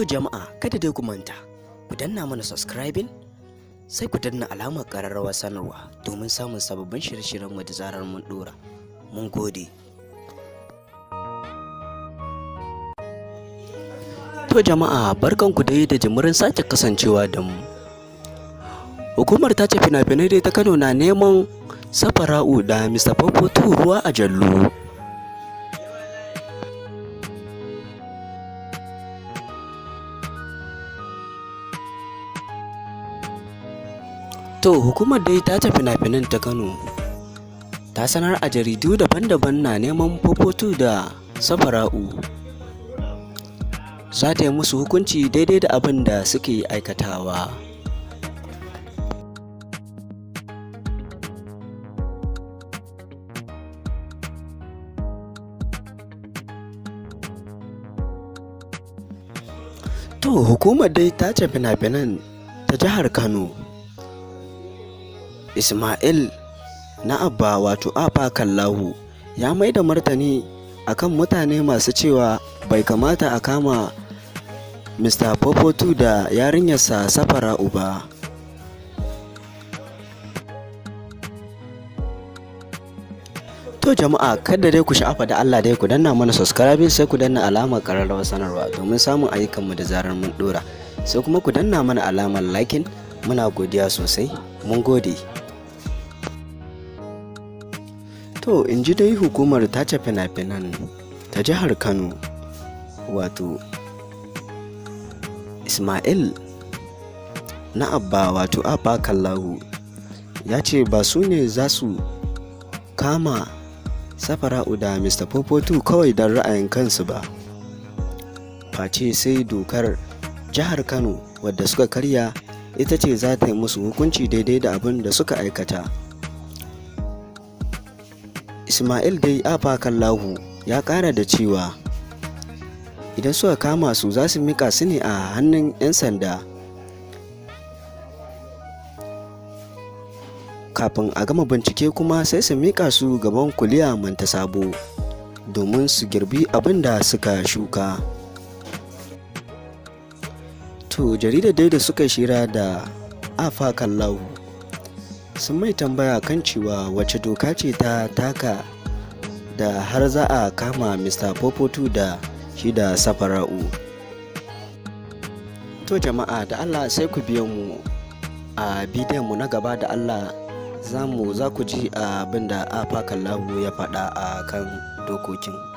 To jama'a kada dai ku manta ku danna mana subscribing sai ku danna alamar ƙararrawar sanarwa domin samun sababbin shirye-shiryenmu da zarar mun ɗora. Mun gode. To jama'a barkanku dai da jimirin sake kasancewa da mu. Hukumar ta ce fina-finai dai ta Kano na neman safara'u da Mr. Fafo ruwa a jallu. To hukumar dai ta tafi fina-finan ta Kano ta sanar a jaridu daban-daban na neman fofotu da safara'u za ta yi musu hukunci daidai da abin da suke aikatawa. To hukumar dai ta ce fina-finan ta jihar Kano. Ismail na Abba wato Abba Kallahu ya mai da martani akan mutane masu cewa bai kamata a kama Mr. Popotu da yarinyarsa safara uba. To jama'a kada dai ku sha'afa da Allah dai ku danna mana subscribing sai ku danna alamar ƙararrawar sanarwa domin samun ayyukanmu da zarar mun ɗora, sai kuma ku danna mana alamar liking muna godiya sosai mun gode. to in ji dai hukumar tace fina-finan ta jihar kano wato ismail na abba wato abba kallahu ya ce ba su ne za su kama safara'u da mr popoto kawai don ra'ayin kansu ba face sai dokar jihar kano wadda suka karya ita ce za ta yi musu hukunci daidai da abin da suka aikata ismail dai afakallahu ya ƙara da cewa idan suka kama su za su mika su ne a hannun 'yan sanda kafin a gama bincike kuma sai su mika su gaban kuliya manta sabo domin su girbi abin da suka shuka to jaridar dai da suka shira da afa lahu. sun mai tambaya kan cewa wace doka ce ta taka da har za a kama mr popotu da shi da safara'u to jama'a da allah sai ku biyan mu a bidiyon mu na gaba da allah za mu za ku ji abinda da afakan lahu ya faɗa a kan dokokin